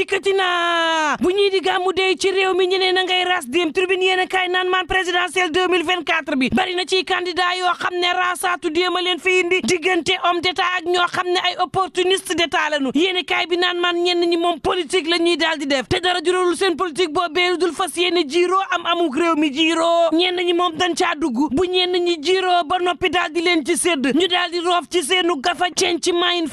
dikkati na bu ñuy di dey ci réew mi ñeneen a ngay ras dem tribune yéen a kaay naan maan bi bari na ci candidat yoo xam ne rasaatu déem a leen fi indi diggante homme d'état ak ñoo xam ne ay opportuniste d'état lañu yéen a kaay bi naan maan ñenn ñi moom politique la ñuy daal di def te dara juralul seen politique boobee dul fas yéene jiiroo am amuk réew mi jiiroo ñenn ñi moom dañ caa dugg bu ñenn ñi jiiroo ba noppi daal di leen ci sédd ñu daal di roof ci seenu gafa ceen ci maayin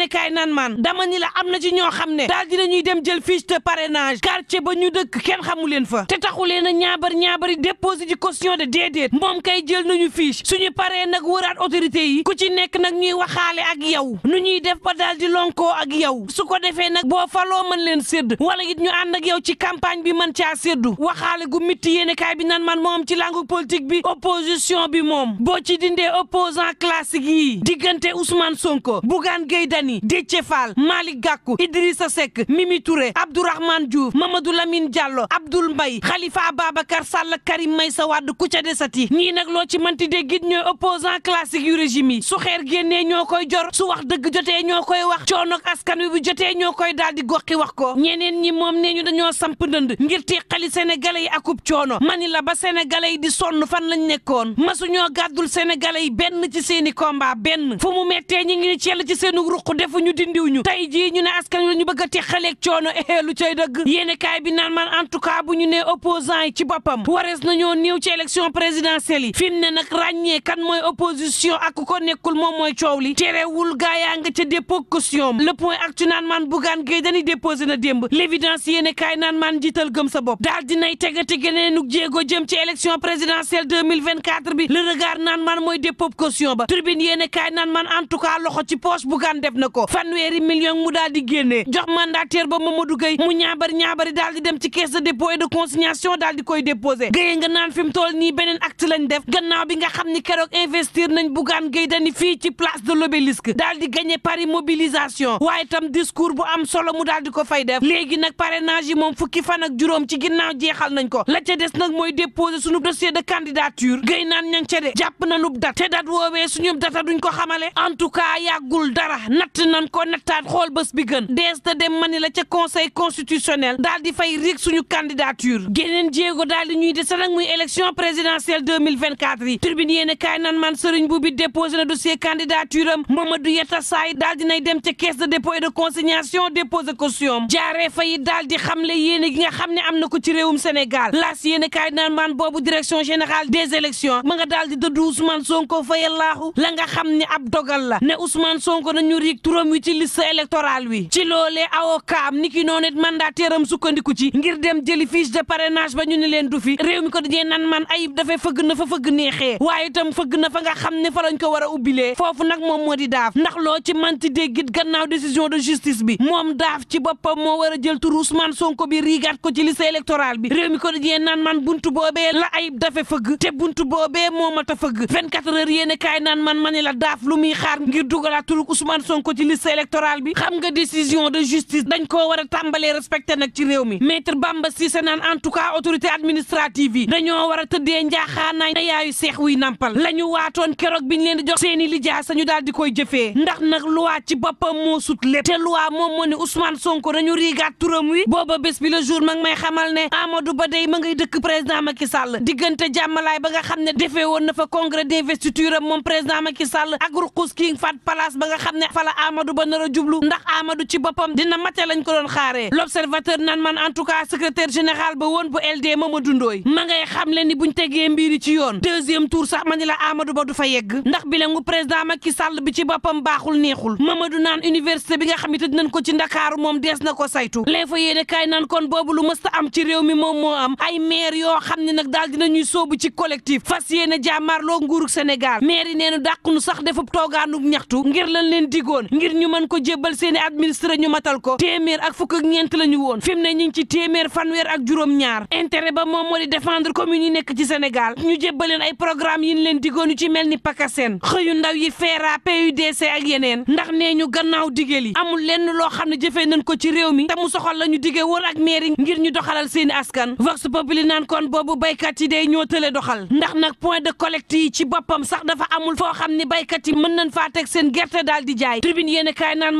a kaay naan maan dama ni la am na ci ñoo xam ne daal ñuy dem jël fiche de parrainage quartier ba ñu dëkk kenn xamu leen fa te taxu leen a ñaabar ñaabari déposé ci caution de déedéet moom kay jël na ñu fiche suñu paree nag wëraat autorité yi ku ci nekk nag ñuy waxaale ak yow nu ñuy def ba daal di lonkoo ak yow su ko defee nag boo faloo mën leen sédd wala it ñu ànd ak yow ci campagne bi man caa séddu waxaale gu mitti yéene kaay bi nan man moom ci langue politique bi opposition bi moom boo ci dindee opposant classique yi diggante Ousmane Sonko Bougane Gueye Dany Déthié Fall Malick Malick Gakou Idrissa Seck Mimi Touré Abdourahmane Diouf Mamadou Lamine Diallo Abdoul Mbaye Khalifa Ababacar Sall Karim sa Wade ku ca desati ñii nag loo ci manti de git ñooy opposant classique yu régime yi su xeer génnee ñoo koy jor su wax dëgg jotee ñoo koy wax coonog askan wi bu jotee ñoo koy daal di goxi wax ko ñeneen ñi moom ne ñu dañoo samp ndënd ngir teqali sénégalais yi akub coono mani la ba sénégalais yi di sonn fan lañ nekkoon masuñoo gàddul sénégalais yi benn ci seeni combat benn fu mu mettee ñi ngi ni ci yàlla ci seenu ñu dindiw lii ñu ne askan wi ñu bëgg a texaleeg coono eh lu cay dëgg yéene kaay bi naan man en tout cas bu ñu nee opposant yi ci boppam warees nañoo néew ci élection présidentielle yi fi mu ne nag ràññee kan mooy opposition ak ko nekkul moom mooy coow li terewul gaa yaa nga ca dépôt caution le ak actu naan man bugaan géej dañuy déposé na démb l'évidence yéene kaay naan man jiital gëm sa bopp daal dinay tegati geneenu jéego jëm ci élection présidentielle 2024 bi le regard naan man mooy dépôt caution ba tribune yéene kaay naan man en tout cas loxo ci poche bugaan def na ko daal di génnee jox mandataire ba Mamadou Gueye mu ñaabari ñaabari daal di dem ci caisse de dépôt et de consignation daal koy déposé Gueye nga naan fi mu toll nii beneen acte lañ def gannaaw bi nga xam ni keroog investir nañ Bougane Gueye Dany fii ci place de l'Obélisque daal di gagné pari mobilisation waaye tam discours bu am solo mu daal di ko fay def léegi nag parrainage yi moom fukki fan ak juróom ci ginnaaw jeexal nañ ko la ca des nag mooy déposé suñu dossier de candidature Gueye naan ña ca de jàpp nañu dat te dat woowee suñu data duñ en tout cas yàggul dara natt nañ ko nattaat xool ba sës bi gën dees da dem mani la ca conseil constitutionnel daal fay rig suñu candidature géneen jéego daal di ñuy dese nag muy élection présidentielle 2024 yi turbine a ca de dépôt de consignation déposé caution am jaaree fa yi daal di gi nga xam ne am na ko ci réewum Sénégal laas yéen a kaay nan man boobu Sonko fayal laaxu la nga xam ne ab dogal la ne Ousmane Sonko nañu rig turam wi ci électoral wi ci loolee ki noonu it mandataire am sukkandiku ci ngir dem jëli fiche de parrainage ba ñu ne leen du fi réew nan man ayib dafay fëgg na fa fëgg neexee waaye tam fëgg na fa nga xam ne fa lañ ko war a ubbilee foofu nag moom moo di daaf ndax loo ci manti déggit gannaaw décision de justice bi moom daaf ci boppam moo war a jël tur Ousmane Sonko bi riigaat ko ci liste électorale bi réew mi ko dañee nan man buntu boobee la ayib dafa fëgg te buntu boobee moom ma ta fëgg 24 heures yéene kaay naan man ma ne la daaf lu muy xaar ngir dugalaat tur Ousmane Sonko ci liste électorale bi xam xam nga décision de justice dañ koo war a tàmbalee respecté nag ci réew mi maître Bamba Cissé naan en tout cas autorité administrative yi dañoo war a tëddee njaaxaanaay na yaayu seex wuy nampal la ñu waatoon keroog bi ñu leen di jox seeni lijaa sañu daal di koy jëfee ndax nag luwaa ci boppam moo sut lépp te loi moom moo ne Ousmane Sonko dañu riigaat turam wi booba bés bi la jour mag may xamal ne Amadou Ba dey ma ngay dëkk président Macky Sall diggante jàmmalaay ba nga xam ne defee woon na fa congrès d'investiture am moom président Macky Sall ak Ruqus King Fat Palace ba nga xam ne fa la Amadou Ba nar a jublu ndax Amadou ci boppam dina mate lañ ko doon xaaree l'observateur nan man en tout cas secrétaire général ba woon bu l Mamadou Ndoye ma ngay xam le ni buñ tegee mbiri ci yoon deuxième tour sax ma ni la amadu Ba du fa yegg ndax bi la ngu président Macky Sall bi ci boppam baaxul neexul Mamadou naan université bi nga xam ne dinañ ko ci Ndakaaru moom dees na ko saytu léeg fa yéene kaay naan kon boobu lu mësta am ci réew mi moom moo am ay maire yoo xam ni nag daal dinañuy soobu ci collectif fas yéene jàmmaarloo nguurug Sénégal maire yi neenu dàqunu sax defub toogaanub ñaxtu ngir lan leen digoon ngir ñu mën ko jébbal seen ne administré ñu matal ko téeméer ak fukk ak ñeent la ñu woon fi ne ñu ngi ci téeméer fanweer ak juróom-ñaar intérêt ba moom moo di défendre commune yi nekk ci Sénégal ñu jébbaleen ay programme yi ñu leen digoon yu ci mel ni PACASEN xëyu ndaw yi FERA PUDC ak yeneen ndax ne ñu gannaaw digéel yi amul lenn loo xam ne jëfe nañ ko ci réew mi te mu soxal la ñu digee woon ak mairie ngir ñu doxalal seeni askan vox populi naan kon boobu baykat yi day ñoo tële doxal ndax nag point de collecte yi ci boppam sax dafa amul foo xam ne baykat yi mën nañ faa teg seen gerte daal di jaay tribune yéen kaay naan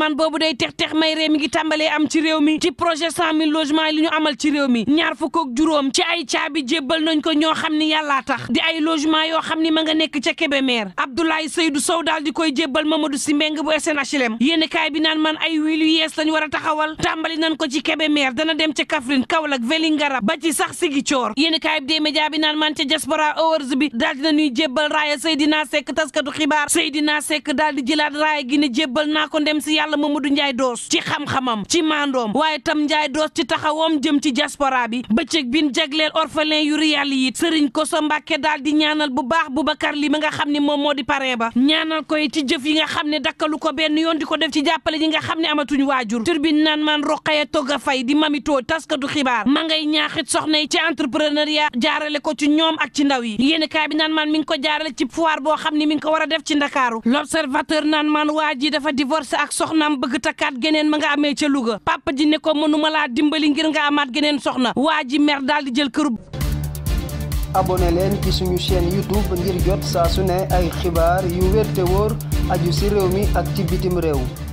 nay tex-tex may ree mi ngi tàmbalee am ci réew mi ci projet 100000 logements li ñu amal ci réew mi ñaar fukk ak juróom ci ay caabi jébbal nañ ko ñoo xam ni yàllaa tax di ay logement yoo xam ni ma nga nekk ca Kébémer Abdoulaye Seydou Sow daal di koy jébbal si Simbeng bu SNHLM yéeni kaay bi naan man ay wiil yu yees lañ war a taxawal tàmbali nañ ko ci Kébémer dana dem ca Kaffrine Kaolack Vélingara ba ci sax Ziguinchor coor kaay bi dee média bi naan man ca Diaspora Awards bi daal dina ñuy jébbal raaya Seydina Seck taskatu xibaar Seydina Seck daal di jëlaat raaya gi ne naa ko ndem si yàlla Mamadou Njaay Doos ci xam-xamam ci maandoom waaye tam Njaay Doos ci taxawoom jëm ci diaspora bi bëccëg bin jagleel orphelin yu Riyal yi sëriñ Koso Mbàkke daal di ñaanal bu baax Boubacar li ma nga xam ne moom moo di paree ba ñaanal koy ci jëf yi nga xam ne dakkalu ko benn yoon di ko def ci jàppale ñi nga xam ne amatuñ waajur turbine naan man Roqaya Toga Fay di mamitoo du xibaar ma ngay ñaaxit soxna yi ci entrepreneuriat jaarale ko ci ñoom ak ci ndaw yi yéeni kaay bi naan man mi ngi ko jaarale ci foire boo xam ne mi ngi ko war a def ci Ndakaaru l'observateur naan takkaat geneen ma nga amee ca Louga papa ji ne ko mënuma laa dimbali ngir nga geneen soxna waa ji mer daal di jël këru abonné leen ci suñu seen youtube ngir jot saa su ne ay xibaar yu wér te wóor aju si réew mi ak ci bitim réew